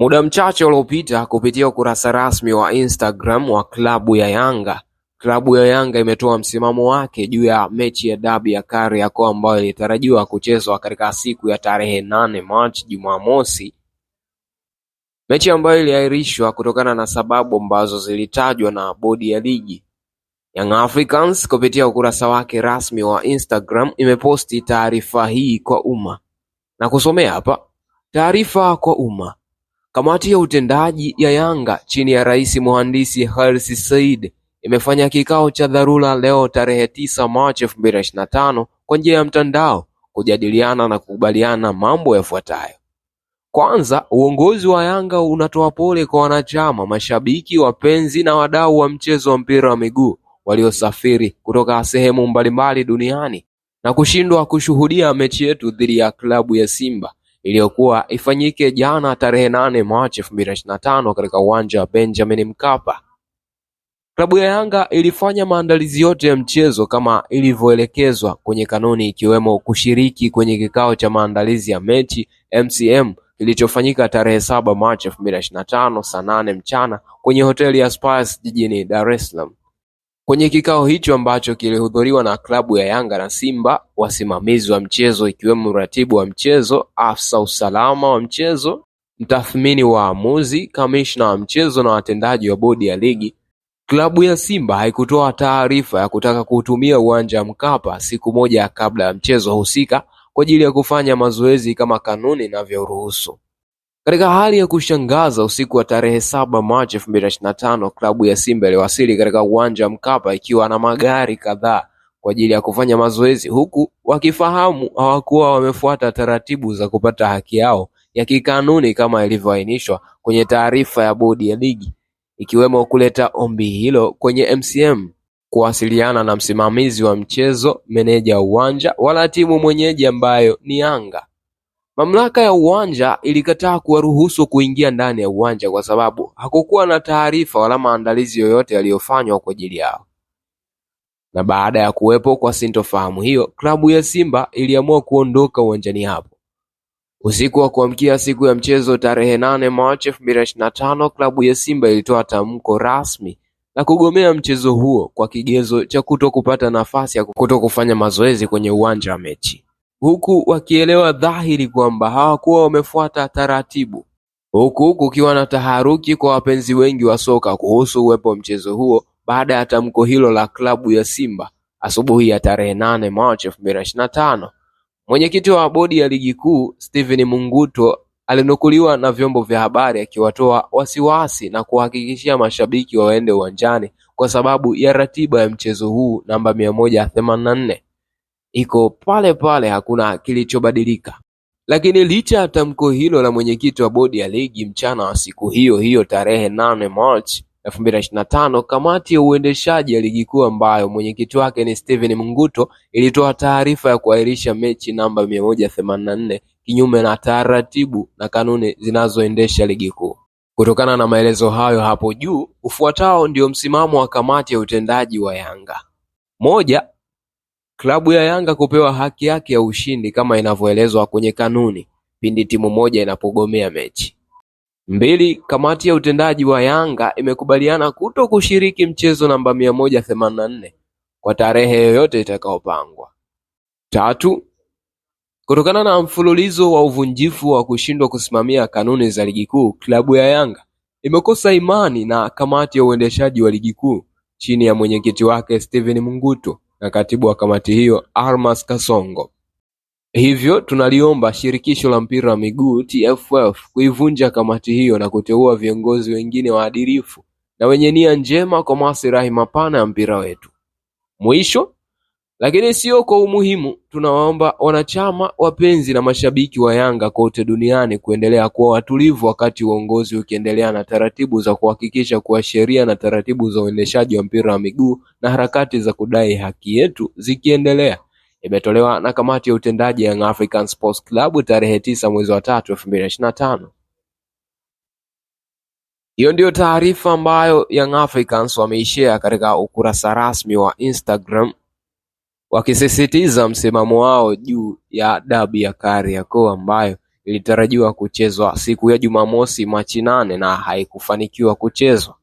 Muda mchache uliopita kupitia ukurasa rasmi wa Instagram wa klabu ya Yanga klabu ya Yanga imetoa msimamo wake juu ya mechi ya dabi ya Kariakoo ambayo ilitarajiwa kuchezwa katika siku ya tarehe nane Machi, Jumamosi, mechi ambayo iliahirishwa kutokana na sababu ambazo zilitajwa na bodi ya ligi. Young Africans kupitia ukurasa wake rasmi wa Instagram imeposti taarifa hii kwa umma na kusomea hapa: taarifa kwa umma Kamati ya utendaji ya Yanga chini ya Rais Mhandisi Hersi Said imefanya kikao cha dharura leo tarehe 9 Machi 2025 kwa njia ya mtandao kujadiliana na kukubaliana mambo yafuatayo. Kwanza, uongozi wa Yanga unatoa pole kwa wanachama, mashabiki, wapenzi na wadau wa mchezo wa mpira wa miguu waliosafiri kutoka sehemu mbalimbali duniani na kushindwa kushuhudia mechi yetu dhidi ya klabu ya Simba iliyokuwa ifanyike jana tarehe nane Machi elfu mbili na ishirini na tano katika uwanja wa Benjamin Mkapa. Klabu ya Yanga ilifanya maandalizi yote ya mchezo kama ilivyoelekezwa kwenye kanuni ikiwemo kushiriki kwenye kikao cha maandalizi ya mechi MCM kilichofanyika tarehe saba Machi elfu mbili na ishirini na tano saa nane mchana kwenye hoteli ya Spurs jijini Dar es Salaam. Kwenye kikao hicho ambacho kilihudhuriwa na klabu ya Yanga na Simba wasimamizi wa mchezo ikiwemo mratibu wa mchezo, afisa usalama wa mchezo, mtathmini waamuzi, kamishna wa mchezo na watendaji wa bodi ya ligi, klabu ya Simba haikutoa taarifa ya kutaka kuutumia uwanja wa Mkapa siku moja kabla ya mchezo husika kwa ajili ya kufanya mazoezi kama kanuni inavyoruhusu. Katika hali ya kushangaza usiku wa tarehe saba Machi elfu mbili na ishirini na tano klabu ya Simba iliwasili katika uwanja wa Mkapa ikiwa na magari kadhaa kwa ajili ya kufanya mazoezi huku wakifahamu hawakuwa wamefuata taratibu za kupata haki yao ya kikanuni kama ilivyoainishwa kwenye taarifa ya Bodi ya Ligi ikiwemo kuleta ombi hilo kwenye MCM, kuwasiliana na msimamizi wa mchezo, meneja uwanja wala timu mwenyeji ambayo ni Yanga. Mamlaka ya uwanja ilikataa kuwaruhusu kuingia ndani ya uwanja kwa sababu hakukuwa na taarifa wala maandalizi yoyote yaliyofanywa kwa ajili yao na baada ya kuwepo kwa sintofahamu hiyo, klabu ya Simba iliamua kuondoka uwanjani hapo. Usiku wa kuamkia siku ya mchezo tarehe 8 Machi 2025, klabu ya Simba ilitoa tamko rasmi la kugomea mchezo huo kwa kigezo cha kuto kupata nafasi ya kuto kufanya mazoezi kwenye uwanja wa mechi huku wakielewa dhahiri kwamba hawakuwa wamefuata taratibu huku kukiwa na taharuki kwa wapenzi wengi wa soka kuhusu uwepo wa mchezo huo baada ya tamko hilo la klabu ya Simba asubuhi ya tarehe 8 Machi 2025. Mwenyekiti wa bodi ya ligi kuu Steven Munguto alinukuliwa na vyombo vya habari akiwatoa wasiwasi na kuhakikishia mashabiki waende uwanjani kwa sababu ya ratiba ya mchezo huu namba 184 iko pale pale hakuna kilichobadilika lakini licha ya tamko hilo la mwenyekiti wa bodi ya ligi mchana wa siku hiyo hiyo tarehe 8 March 2025, kamati ya uendeshaji ya ligi kuu ambayo mwenyekiti wake ni Steven Mnguto ilitoa taarifa ya kuahirisha mechi namba 184 kinyume na taratibu na kanuni zinazoendesha ligi kuu. Kutokana na maelezo hayo hapo juu, ufuatao ndio msimamo wa kamati ya utendaji wa Yanga. Moja, klabu ya Yanga kupewa haki yake ya ushindi kama inavyoelezwa kwenye kanuni pindi timu moja inapogomea mechi. Mbili, kamati ya utendaji wa Yanga imekubaliana kuto kushiriki mchezo namba 184 kwa tarehe yoyote itakayopangwa. Tatu, kutokana na mfululizo wa uvunjifu wa kushindwa kusimamia kanuni za ligi kuu, klabu ya Yanga imekosa imani na kamati ya uendeshaji wa ligi kuu chini ya mwenyekiti wake Steven Mungutu na Katibu wa Kamati hiyo Armas Kasongo hivyo tunaliomba Shirikisho la Mpira wa Miguu TFF kuivunja kamati hiyo na kuteua viongozi wengine waadilifu na wenye nia njema kwa maslahi mapana ya mpira wetu. Mwisho, lakini sio kwa umuhimu, tunawaomba wanachama, wapenzi na mashabiki wa Yanga kote duniani kuendelea kuwa watulivu wakati uongozi ukiendelea na taratibu za kuhakikisha kuwa sheria na taratibu za uendeshaji wa mpira wa miguu na harakati za kudai haki yetu zikiendelea. Imetolewa na kamati ya utendaji ya African Sports Club tarehe tisa mwezi wa tatu elfu mbili na ishirini na tano. Hiyo ndiyo taarifa ambayo Young Africans wameishare katika ukurasa rasmi wa Instagram wakisisitiza msimamo wao juu ya dabi ya Kariakoo ambayo ilitarajiwa kuchezwa siku ya Jumamosi Machi nane na haikufanikiwa kuchezwa.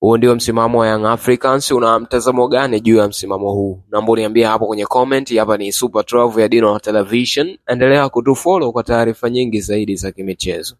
Huu ndio msimamo wa Young Africans. Una mtazamo gani juu ya msimamo huu? Naomba uniambia hapo kwenye comment. Hapa ni Super 12 ya Dino Television, endelea kutufollow kwa taarifa nyingi zaidi za kimichezo.